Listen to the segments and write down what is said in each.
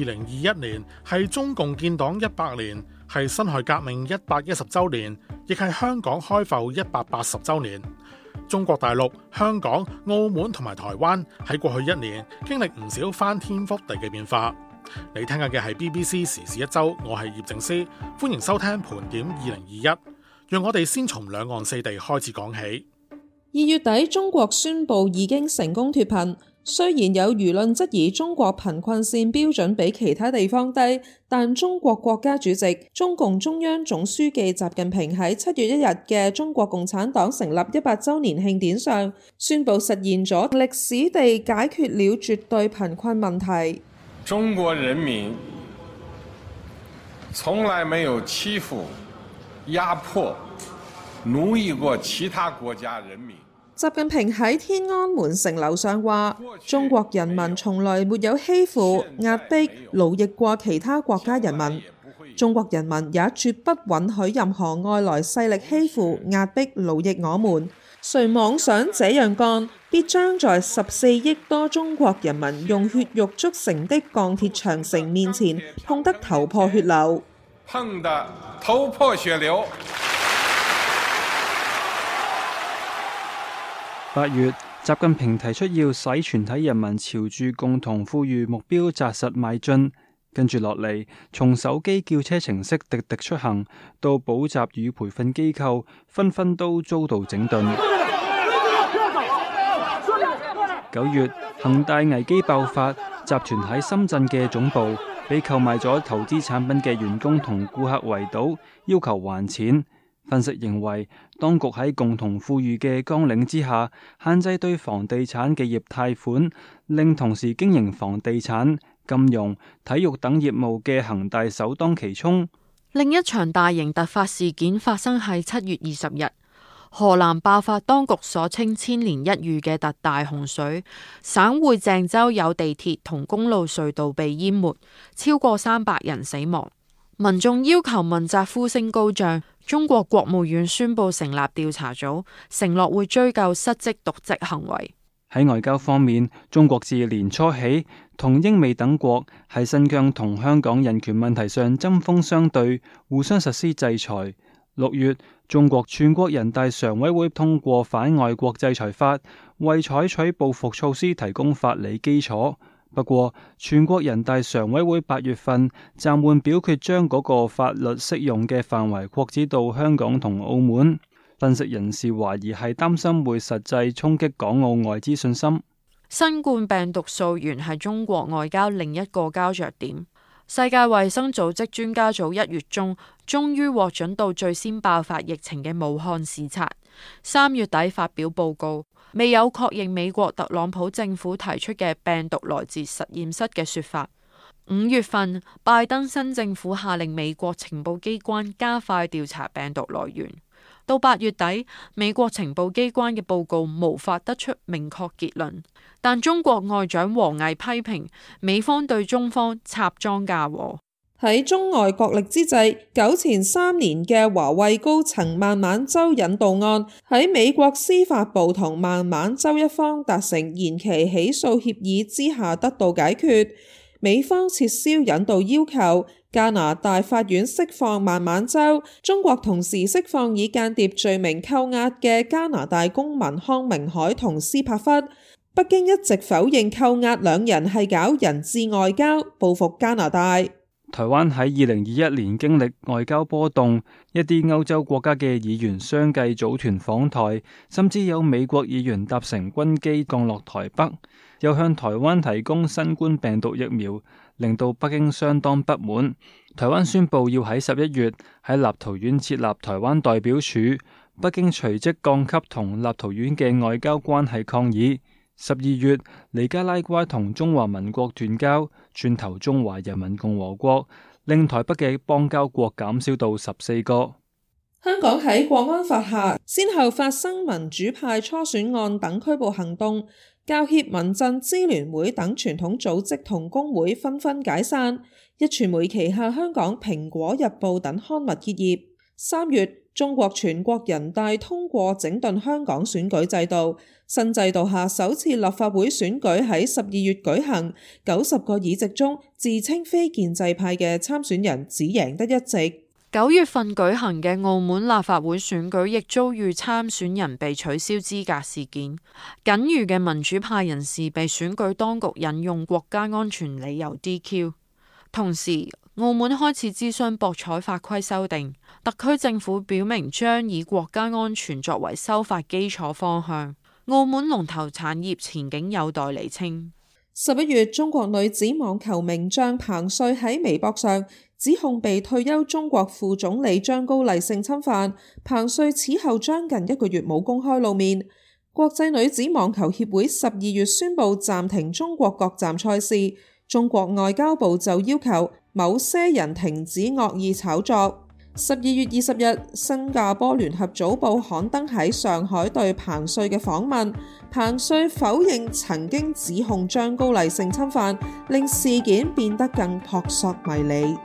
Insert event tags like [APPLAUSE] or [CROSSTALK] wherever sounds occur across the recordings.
二零二一年係中共建黨一百年，係辛亥革命一百一十週年，亦係香港開埠一百八十週年。中國大陸、香港、澳門同埋台灣喺過去一年經歷唔少翻天覆地嘅變化。你聽緊嘅係 BBC 時事一周，我係葉正思，歡迎收聽盤點二零二一。讓我哋先從兩岸四地開始講起。二月底，中國宣布已經成功脫貧。雖然有輿論質疑中國貧困線標準比其他地方低，但中國國家主席、中共中央總書記習近平喺七月一日嘅中國共產黨成立一百周年慶典上宣布實現咗歷史地解決了絕對貧困問題。中國人民從來沒有欺負、壓迫、奴役過其他國家人民。習近平喺天安門城樓上話：中國人民從來沒有欺負、壓迫、奴役過其他國家人民，中國人民也絕不允許任何外來勢力欺負、壓迫、奴役我們，誰妄想這樣幹，必將在十四億多中國人民用血肉築成的鋼鐵長城面前碰得頭破血流。八月，習近平提出要使全體人民朝住共同富裕目標扎實邁進。跟住落嚟，從手機叫車程式滴滴出行到補習與培訓機構，紛紛都遭到整頓。九 [NOISE] 月，恒大危機爆發，集團喺深圳嘅總部被購買咗投資產品嘅員工同顧客圍堵，要求還錢。分析認為，當局喺共同富裕嘅綱領之下，限制對房地產企業貸款，令同時經營房地產、金融、體育等業務嘅恒大首當其衝。另一場大型突發事件發生喺七月二十日，河南爆發當局所稱千年一遇嘅特大洪水，省會鄭州有地鐵同公路隧道被淹沒，超過三百人死亡，民眾要求問責呼聲高漲。中國國務院宣佈成立調查組，承諾會追究失職瀆職行為。喺外交方面，中國自年初起同英美等國喺新疆同香港人權問題上針鋒相對，互相實施制裁。六月，中國全國人大常委會通過《反外國制裁法》，為採取報復措施提供法理基礎。不過，全國人大常委會八月份暫緩表決，將嗰個法律適用嘅範圍擴展到香港同澳門。分析人士懷疑係擔心會實際衝擊港澳外資信心。新冠病毒溯源係中國外交另一個交弱點。世界衛生組織專家組一月中終於獲准到最先爆發疫情嘅武漢視察，三月底發表報告。未有確認美國特朗普政府提出嘅病毒來自實驗室嘅說法。五月份，拜登新政府下令美國情報機關加快調查病毒來源。到八月底，美國情報機關嘅報告無法得出明確結論。但中國外長王毅批評美方對中方插贓嫁禍。喺中外角力之際，九前三年嘅華為高層孟晚舟引渡案，喺美國司法部同孟晚舟一方達成延期起訴協議之下得到解決，美方撤銷引渡要求，加拿大法院釋放孟晚舟，中國同時釋放以間諜罪名扣押嘅加拿大公民康明凱同斯帕弗。北京一直否認扣押兩人係搞人質外交報復加拿大。台灣喺二零二一年經歷外交波動，一啲歐洲國家嘅議員相繼組團訪台，甚至有美國議員搭乘軍機降落台北，又向台灣提供新冠病毒疫苗，令到北京相當不滿。台灣宣布要喺十一月喺立陶宛設立台灣代表處，北京隨即降級同立陶宛嘅外交關係抗議。十二月，尼加拉瓜同中華民國斷交，轉投中華人民共和國，令台北嘅邦交國減少到十四個。香港喺國安法下，先後發生民主派初選案等拘捕行動，教協、民陣、支聯會等傳統組織同工會紛紛解散，一傳媒旗下香港蘋果日報等刊物結業。三月。中國全國人大通過整頓香港選舉制度，新制度下首次立法會選舉喺十二月舉行，九十個議席中，自稱非建制派嘅參選人只贏得一席。九月份舉行嘅澳門立法會選舉亦遭遇參選人被取消資格事件，僅餘嘅民主派人士被選舉當局引用國家安全理由 DQ，同時。澳門開始諮詢博彩法規修訂，特區政府表明將以國家安全作為修法基礎方向。澳門龍頭產業前景有待釐清。十一月，中國女子網球名將彭帥喺微博上指控被退休中國副總理張高麗性侵犯。彭帥此後將近一個月冇公開露面。國際女子網球協會十二月宣布暫停中國各站賽事，中國外交部就要求。某些人停止惡意炒作。十二月二十日，新加坡聯合早報刊登喺上海對彭帥嘅訪問，彭帥否認曾經指控張高麗性侵犯，令事件變得更撲朔迷離。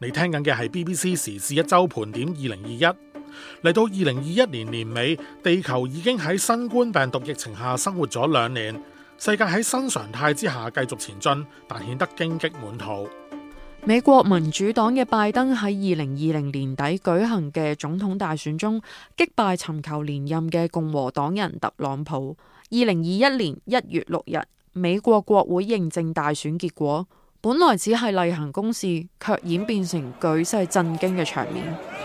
你聽緊嘅係 BBC 時事一周盤點二零二一。嚟到二零二一年年尾，地球已經喺新冠病毒疫情下生活咗兩年，世界喺新常態之下繼續前進，但顯得荊棘滿途。美國民主黨嘅拜登喺二零二零年底舉行嘅總統大選中擊敗尋求連任嘅共和黨人特朗普。二零二一年一月六日，美國國會認證大選結果，本來只係例行公事，卻演變成舉世震驚嘅場面。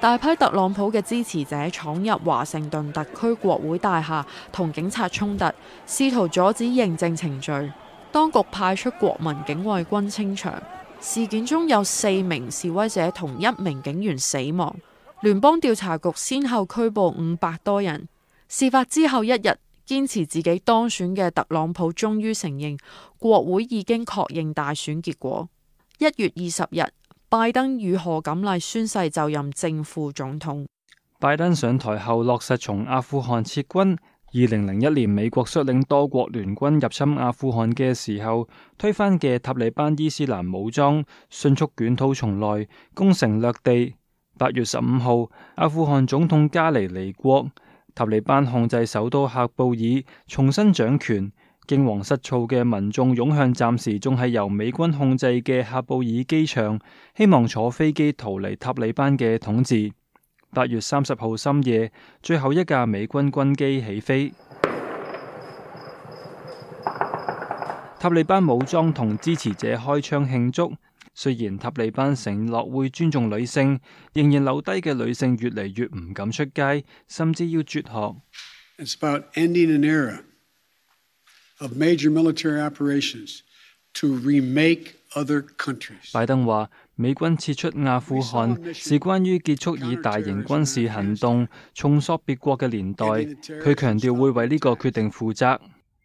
大批特朗普嘅支持者闖入華盛頓特區國會大廈，同警察衝突，試圖阻止認證程序。當局派出國民警衛軍清場。事件中有四名示威者同一名警員死亡。聯邦調查局先後拘捕五百多人。事發之後一日，堅持自己當選嘅特朗普終於承認，國會已經確認大選結果。一月二十日，拜登、賀錦麗宣誓就任正副總統。拜登上台後落實從阿富汗撤軍。二零零一年美國率領多國聯軍入侵阿富汗嘅時候，推翻嘅塔利班伊斯蘭武裝迅速捲土重來，攻城略地。八月十五號，阿富汗總統加尼離國，塔利班控制首都喀布爾，重新掌權。驚惶失措嘅民眾湧向暫時仲係由美軍控制嘅喀布爾機場，希望坐飛機逃離塔利班嘅統治。八月三十號深夜，最後一架美軍軍機起飛，塔利班武裝同支持者開槍慶祝。雖然塔利班承諾會尊重女性，仍然留低嘅女性越嚟越唔敢出街，甚至要絕學。拜登話，美軍撤出阿富汗是關於結束以大型軍事行動重塑別國嘅年代。佢強調會為呢個決定負責。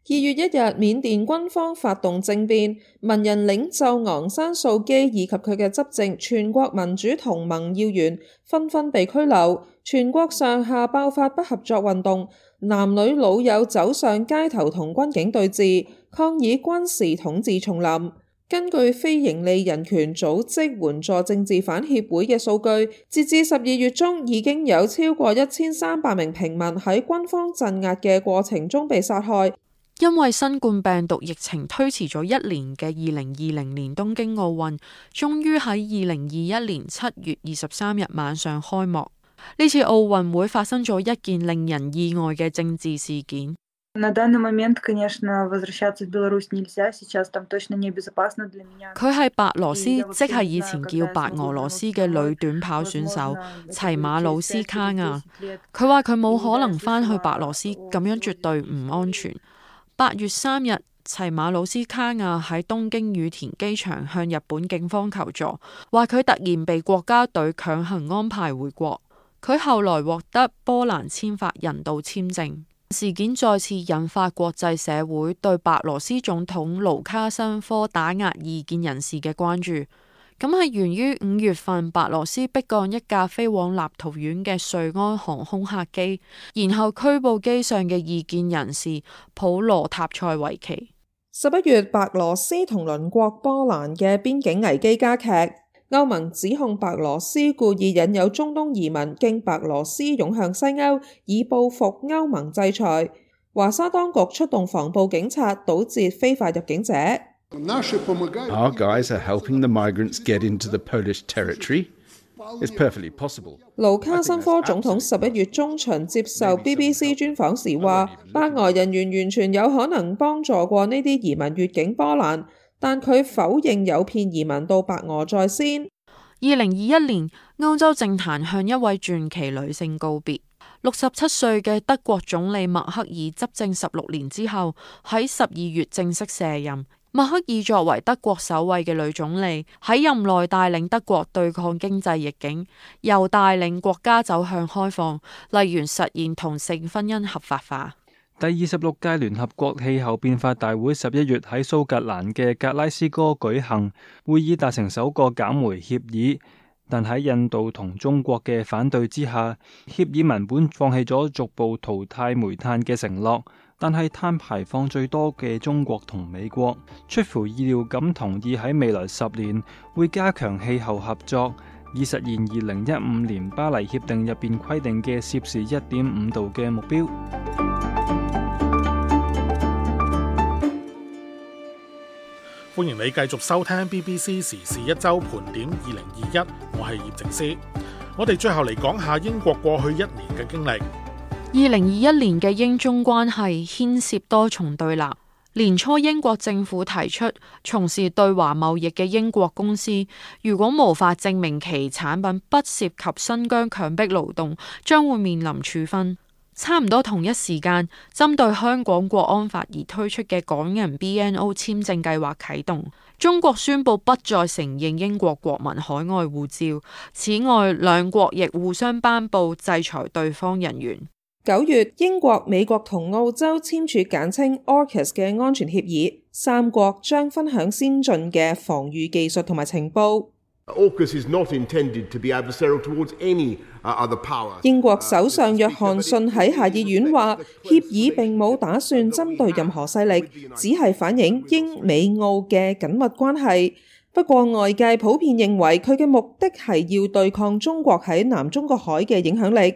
二月一日，緬甸軍方發動政變，文人領袖昂山素姬以及佢嘅執政全國民主同盟要員紛紛被拘留，全國上下爆發不合作運動，男女老幼走上街頭同軍警對峙，抗議軍事統治重臨。根據非營利人權組織援助政治犯協會嘅數據，截至十二月中，已經有超過一千三百名平民喺軍方鎮壓嘅過程中被殺害。因為新冠病毒疫情推遲咗一年嘅二零二零年東京奧運，終於喺二零二一年七月二十三日晚上開幕。呢次奧運會發生咗一件令人意外嘅政治事件。佢係白羅斯，即係以前叫白俄羅斯嘅女短跑選手齊馬魯斯卡亞。佢話佢冇可能翻去白羅斯，咁樣絕對唔安全。八月三日，齊馬魯斯卡亞喺東京羽田機場向日本警方求助，話佢突然被國家隊強行安排回國。佢後來獲得波蘭簽發人道簽證。事件再次引發國際社會對白羅斯總統盧卡申科打壓異見人士嘅關注。咁係源於五月份白羅斯逼降一架飛往立陶宛嘅瑞安航空客機，然後拘捕機上嘅異見人士普羅塔塞維奇。十一月，白羅斯同鄰國波蘭嘅邊境危機加劇，歐盟指控白羅斯故意引誘中東移民經白羅斯湧向西歐，以報復歐盟制裁。華沙當局出動防暴警察，堵截非法入境者。盧卡申科總統十一月中旬接受 BBC 專訪時話，白俄人員完全有可能幫助過呢啲移民越境波蘭，但佢否認有騙移民到白俄在先。二零二一年，歐洲政壇向一位傳奇女性告別。六十七歲嘅德國總理默克爾執政十六年之後，喺十二月正式卸任。默克爾作為德國首位嘅女總理，喺任內帶領德國對抗經濟逆境，又帶領國家走向開放，例如實現同性婚姻合法化。第二十六屆聯合國氣候變化大會十一月喺蘇格蘭嘅格拉斯哥舉行，會議達成首個減煤協議，但喺印度同中國嘅反對之下，協議文本放棄咗逐步淘汰煤炭嘅承諾。但係碳排放最多嘅中國同美國出乎意料咁同意喺未來十年會加強氣候合作，以實現二零一五年巴黎協定入邊規定嘅攝氏一點五度嘅目標。歡迎你繼續收聽 BBC 時事一周盤點二零二一，我係葉靜思。我哋最後嚟講下英國過去一年嘅經歷。二零二一年嘅英中關係牽涉多重對立。年初，英國政府提出，從事對華貿易嘅英國公司如果無法證明其產品不涉及新疆強迫勞動，將會面臨處分。差唔多同一時間，針對香港國安法而推出嘅港人 BNO 簽證計劃啟動。中國宣布不再承認英國國民海外護照。此外，兩國亦互相頒布制裁對方人員。九月，英國、美國同澳洲簽署簡稱 AUKUS 嘅安全協議，三國將分享先進嘅防禦技術同埋情報。英國首相約翰遜喺下議院話：協議並冇打算針對任何勢力，只係反映英美澳嘅緊密關係。不過外界普遍認為佢嘅目的係要對抗中國喺南中國海嘅影響力。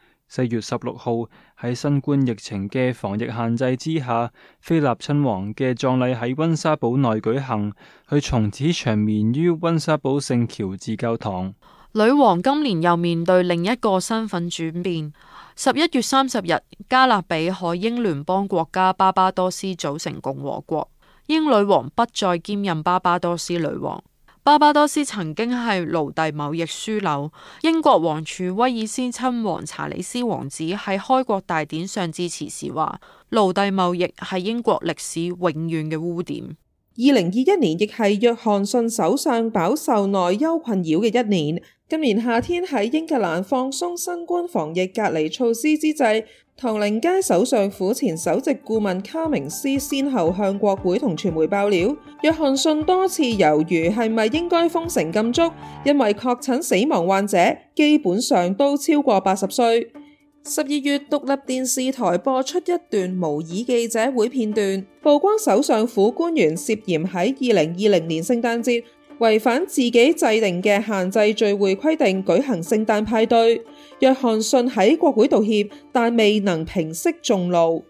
四月十六號，喺新冠疫情嘅防疫限制之下，菲立親王嘅葬禮喺温莎堡內舉行，佢從此長眠於温莎堡聖喬治教堂。女王今年又面對另一個身份轉變。十一月三十日，加勒比海英聯邦國家巴巴多斯組成共和國，英女王不再兼任巴巴多斯女王。巴巴多斯曾經係奴隸貿易樞紐。英國王儲威爾斯親王查理斯王子喺開國大典上致辭時話：奴隸貿易係英國歷史永遠嘅污點。二零二一年亦係約翰遜首相飽受內憂困擾嘅一年。今年夏天喺英格蘭放鬆新冠防疫隔離措施之際。唐寧街首相府前首席顧問卡明斯先後向國會同傳媒爆料，約翰遜多次猶豫係咪應該封城禁足，因為確診死亡患者基本上都超過八十歲。十二月獨立電視台播出一段模擬記者會片段，曝光首相府官員涉嫌喺二零二零年聖誕節違反自己制定嘅限制聚會規定，舉行聖誕派對。約翰遜喺國會道歉，但未能平息眾怒。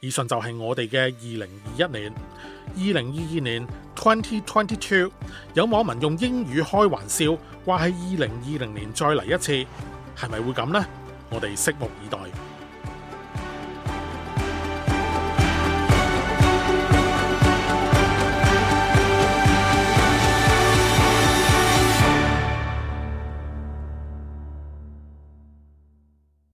以上就係我哋嘅二零二一年，二零二二年 （twenty twenty two）。有網民用英語開玩笑，話喺二零二零年再嚟一次，係咪會咁呢？我哋拭目以待。